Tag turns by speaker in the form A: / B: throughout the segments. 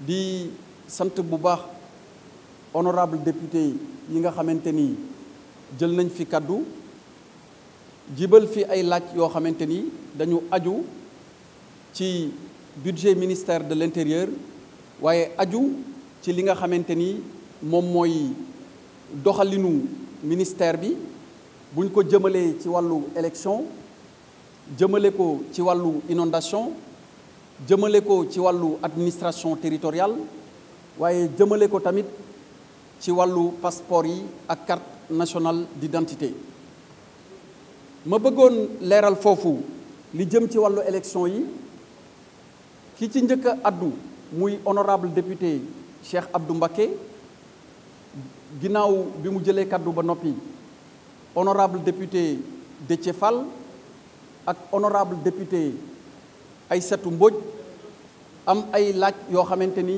A: di sant bu baax honorable député yi nga xamante ni jël nañ fi kàddu jibal fi ay laaj yoo xamante ni dañu aju ci budget ministère de l'intérieur waaye aju ci li nga xamante ni moom mooy doxalinu ministère bi buñ ko jëmalee ci wàllu élection jëmale ko ci wàllu inondation jëmale ko ci walu administration territoriale waaye jëmale ko tamit ci walu passeport yi ak carte nationale d'identité ma bëggoon léral fofu li jëm ci walu élection yi ki ci njëkk addu muy honorable député Cheikh Abdou Mbacké ginaaw bi mu jëlee kaddu ba nopi honorable député De Fall ak honorable député Aïssatou Mbodj am ay laaj yoo xamante ni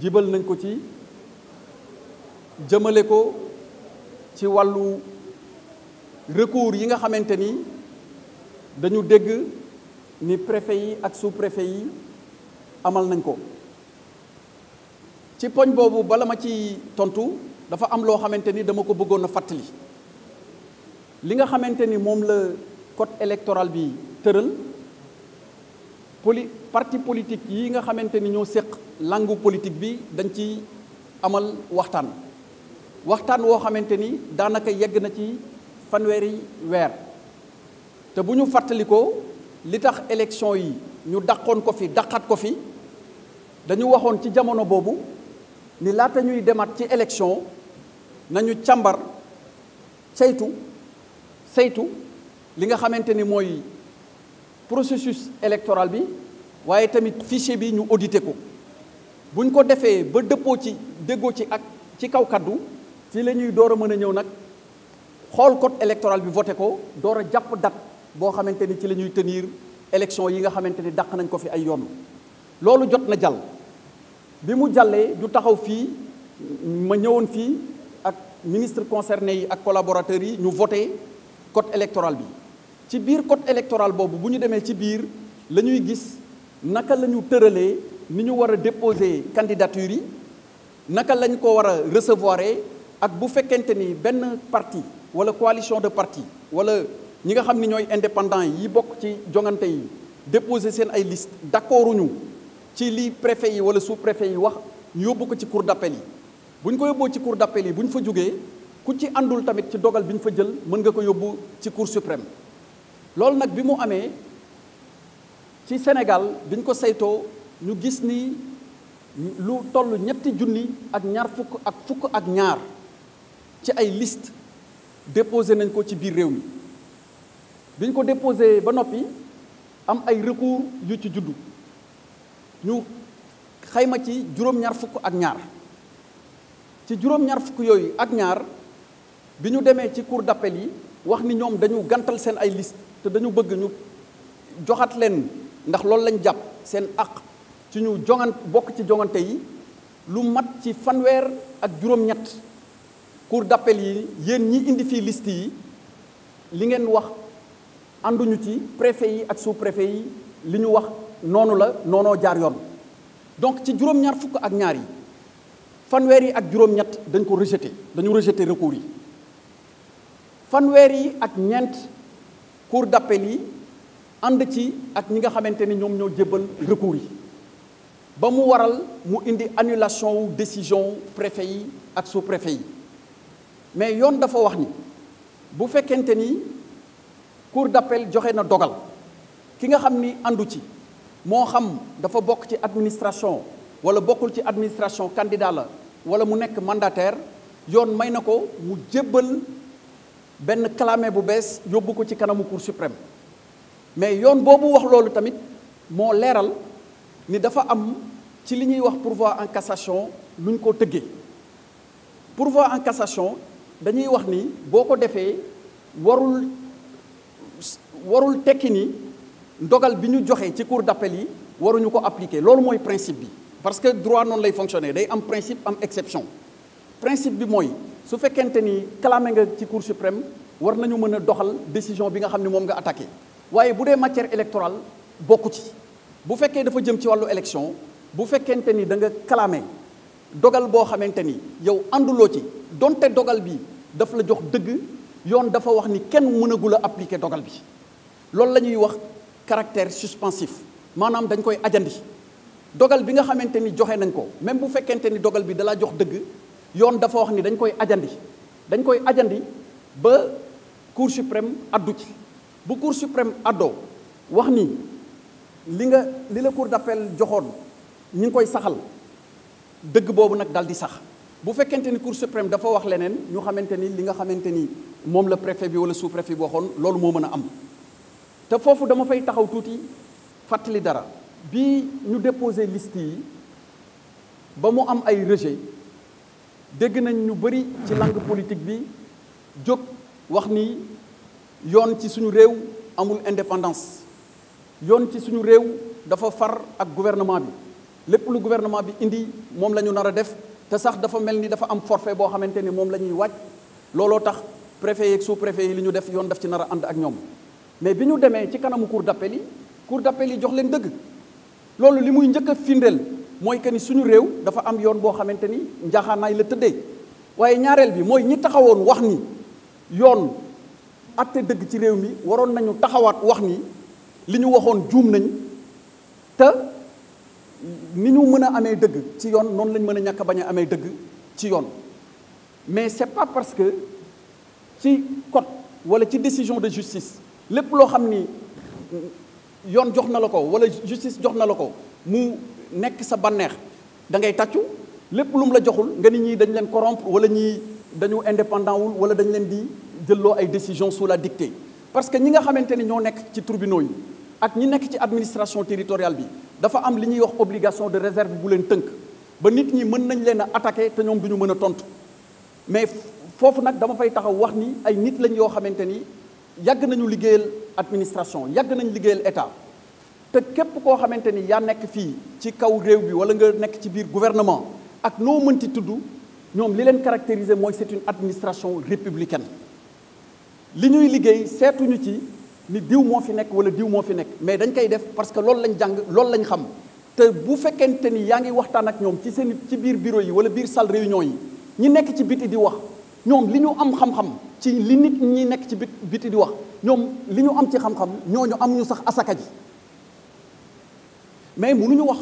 A: jibal nañ ko ci jëmale ko ci wàllu recours yi nga xamante ni dañu dégg ni préfet yi ak sous-préfet yi amal nañ ko ci poñ boobu bala ma ci tontu dafa am loo xamante ni dama ko bëggoon a fàttali li nga xamante ni moom la code électoral bi tëral poli parti politik yi nga xamanteni ñoo sekk langu politique bi dañ ci amal waxtaan waxtaan wo xamanteni danaka daanaka yegg na ci fanweri wer te buñu fataliko li tax élection yi ñu dàqoon ko fi dàqaat ko fi dañu waxoon ci jamono bobu ni laata ñuy demat ci élection nañu càmbar saytu saytu li nga xamanteni moy processus électoral bi waaye tamit fichier bi ñu audité ko buñ ko defee ba dëppoo ci déggoo ci ak ci kaw kàddu ci la ñuy door a mën a ñëw nag xool code électoral bi voté ko door a jàpp date boo xamante ni ci la ñuy tenir élection yi nga xamante ni dàq nañ ko fi ay yoon loolu jot na jàll bi mu jàllee du taxaw fii ma ñëwoon fii ak ministre concerné yi ak collaborateurs yi ñu voté code électoral bi ci biir code électoral boobu bu ñu demee ci biir la ñuy gis naka la ñu tëralee ni ñu war a déposer candidature yi naka lañ ko war a recevoir ak bu fekkente ni benn parti wala coalition de parti wala ñi nga xam ni ñooy indépendant yi bokk ci jongante yi déposer seen ay liste d'accorduñu ci li préfet yi wala sous préfet yi wax ñu yóbbu ko ci cour d'appel yi bu ñu ko yóbboo ci cour d'appel yi bu ñu fa jógee ku ci andul tamit ci dogal bi ñu fa jël mën nga ko yóbbu ci cour suprême loolu nag bi mu amee ci Sénégal biñ ko saytoo ñu gis ni lu toll ñetti junni ak ñaar fukk ak fukk ak ñaar ci ay liste déposé nañ ko ci biir réew mi biñ ko déposé ba noppi am ay recours yu ci juddu ñu xayma ci juróom-ñaar fukk ak ñaar ci juróom-ñaar fukk yooyu ak ñaar bi ñu demee ci cour d'appel yi wax ni ñoom dañu gantal seen ay liste te dañu bëgg ñu joxat leen ndax loolu lañ jàpp seen aq ci ñu jongan bokk ci jongante yi lu mat ci fanweer ak juróom-ñett cour d'appel yi yéen ñi indi fii liste yi li ngeen wax ànduñu ci préfet yi ak sous préfet yi li ñu wax noonu la noonoo jaar yoon donc ci juróom-ñaar fukk ak ñaar yi fanweer yi ak juróom-ñett dañ ko rejeté dañu rejeté recours yi fanweer yi ak ñeent cour d'appel yi ànd ci ak ñi nga xamante ni ñoom ñoo jébal recours yi ba mu waral mu indi annulation wu décision préfet yi ak sous-préfet yi mais yoon dafa wax ni bu fekkente ni cour d'appel joxe na dogal ki nga xam ni àndu ci moo xam dafa bokk ci administration wala bokkul ci administration candidat la wala mu nekk mandataire yoon may na ko mu ben clamé bu bees yobou ko ci kanamu cour suprême mais yone bobu wax lolou tamit mo léral ni dafa am ci li ñuy wax pourvoi en cassation luñ ko en cassation dañuy ni warul warul ndogal ci cour d'appel yi waruñu principe parce que droit non lay fonctionner day principe am exception principe bi moy. su fekkente ni clamé nga ci cour suprême war nañu mën a doxal décision bi nga xam ne moom nga attaqué waaye bu dee matière électorale bokku ci bu fekkee dafa jëm ci wàllu élection bu fekkente ni da nga clamé dogal boo xamante ni yow ànduloo ci donte dogal bi dafa la jox dëgg yoon dafa wax ni kenn mënagul a appliquer dogal bi loolu la ñuy wax caractère suspensif maanaam dañ koy ajandi dogal bi nga xamante ni joxe nañ ko même bu fekkente ni dogal bi dalaa jox dëgg yoon dafa wax ni dañ koy ajandi dañ koy ajandi ba cour suprême addu ci bu cour suprême addo wax ni li nga li la cour d'appel joxoon ñi ngi koy saxal dëgg boobu nag dal di sax bu fekkente ni cour suprême dafa wax leneen ñu xamante ni li nga xamante ni moom la préfet bi wala sous préfet bi waxoon loolu moo mën a am te foofu dama fay taxaw tuuti fàttali dara bi ñu déposé liste yi ba mu am ay rejet dégg nañ ñu bëri ci langue politique bi jóg wax ni yoon ci suñu réew amul indépendance yoon ci suñu réew dafa far ak gouvernement bi lépp lu gouvernement bi indi moom la ñu nar a def te sax dafa mel ni dafa am forfait boo xamante ni moom la ñuy wàcc looloo tax préfet yeeg su préfet yi li ñu def yoon def ci nar a ànd ak ñoom mais bi ñu demee ci kanamu cour d'appel li cour d'appel li jox leen dëgg loolu li muy njëkk a firndeel moy que ni suñu réew dafa am yoon boo xamante ni njaaxaanaay la tëddee waaye ñaareel bi mooy ñi taxawoon wax ni yoon atte dëgg ci réew mi waroon nañu taxawaat wax ni li ñu waxoon juum nañ te ni ñu mën a amee dëgg ci yoon noonu lañ mën a ñàkk bañ a amee dëgg ci yoon mais c'est pas parce que ci code wala ci décision de justice lépp loo xam ni yoon jox na la ko wala justice jox na la ko mu nek sa banex da ngay tatchu lepp lum la joxul nga ni ñi dañ leen corrompre wala ñi dañu indépendant wul wala dañ leen di jëllo ay décision sous la dictée parce que ñi nga xamanteni ni ñoo nekk ci tribunaux yi ak ñi nek ci administration territoriale bi dafa am li ñuy wax obligation de réserve bu leen teunk ba nit ñi mën nañ leen attaquer te ñoom duñu mëna tontu mais fofu nak dama fay taxaw wax ni ay nit lañ yo xamanteni yag nañu liggéeyal administration yag nañ liggéeyal état te képp koo xamante ni yaa nekk fii ci kaw réew bi wala nga nekk ci biir gouvernement ak noo mënti tudd ñoom li leen caractériser mooy c'est une administration républicaine li ñuy liggéey seetuñu ci ni diw moo fi nekk wala diw moo fi nekk mais dañ koy def parce que loolu lañ jàng loolu lañ xam te bu fekkente ni yaa ngi waxtaan ak ñoom ci seen ci biir bureau yi wala biir salle réunion yi ñi nekk ci biti di wax ñoom li ñu am xam-xam ci li nit ñi nekk ci biti di wax ñoom li ñu am ci xam-xam ñooñu am ñu sax asaka ji mais nous wax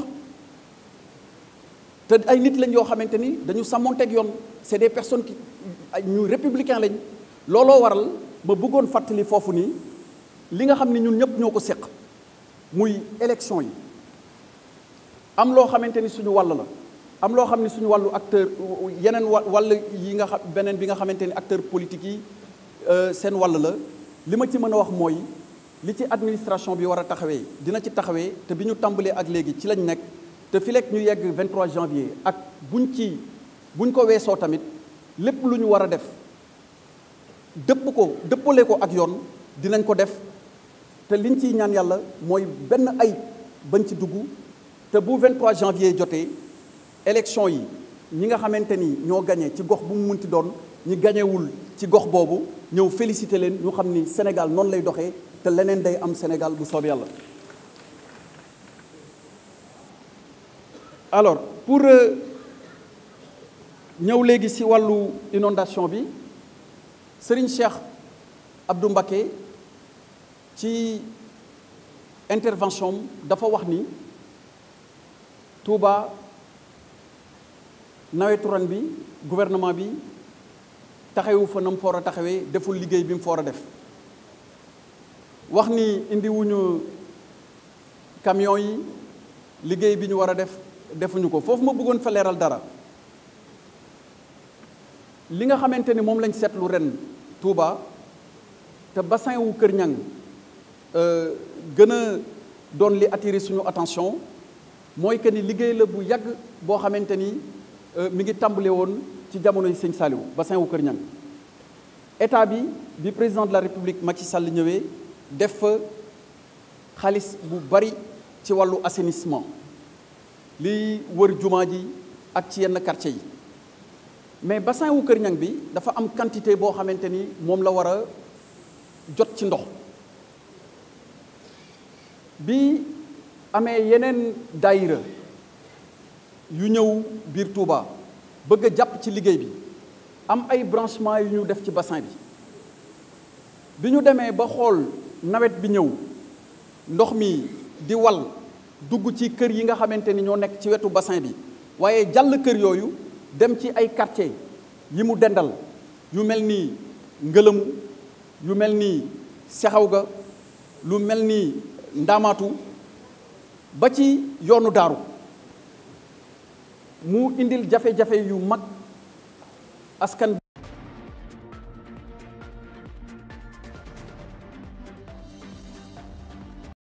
A: te ay nit lañ yoo xamante ni dañu ak c'est des personnes qui ñu républicains. lañ looloo waral ma bëggoon fàttali foofu ni li nga xam ne ñun ñëpp ñoo ko seq muy élection yi am loo xamante ni suñu wàll la am loo xam suñu wàllu acteur yeneen les wàll yi nga xam politique yi euh, la ci li ci administration bi wara taxawé dina ci taxawé te biñu ñu ak légui ci lañ nek te fi lekk ñu yegg 23 janvier ak buñ ci buñ ko weesoo tamit lepp luñu wara def depp ko deppolé ko ak yoon dinañ ko def te liñ ci ñaan yalla moy benn ay bañ ci duggu te bu 23 janvier jotee élection yi ñi nga xamanteni ñoo gagné ci gox bu mu munti doon ñi wul ci gox bobu ñeu félicité len ñu xamni Sénégal non lay doxé te leneen day am Sénégal bu soob yàlla alors pour euh, ñëw léegi si wàllu inondation bi Serigne Cheikh Abdou Mbacké ci intervention dafa wax ni Touba nawetu ren bi gouvernement bi taxawu fa nam mu foor a taxawee deful liggéey bi mu foor a def wax ni indi wuñu camion yi liggéey bi ñu war a def defuñu ko foofu ma bëggoon fa leeral dara li nga xamante ni moom lañ seetlu ren Touba te bassin wu Kër Ñang euh, gën a doon li attirer suñu attention mooy que ni liggéey la bu yàgg boo xamante ni euh, mi ngi tàmbale woon ci jamono yi sëñ Saliou bassin wu Kër Ñang état bi bi président de la république Macky Sall ñëwee. def fa xaalis bu bari ci wàllu assainissement li wër jumaa ji ak ci yenn quartier yi mais bassin wu Kër Ñang bi dafa am quantité boo xamante ni moom la war a jot ci ndox bi amee yeneen daayira yu ñëw biir Touba bëgg jàpp ci liggéey bi am ay branchement yu ñu def ci bassin bi bi ñu demee ba xool nawet bi ñëw ndox mi di wal dugg ci kër yi nga xamante ni ñoo nekk ci wetu bassin bi waaye jàll kër yooyu dem ci ay quartier yi mu dendal yu mel ni ngëlëmu yu mel ni sexew ga lu mel ni ndaamaatu ba ci yoonu daaru mu indil jafe-jafe yu mag askan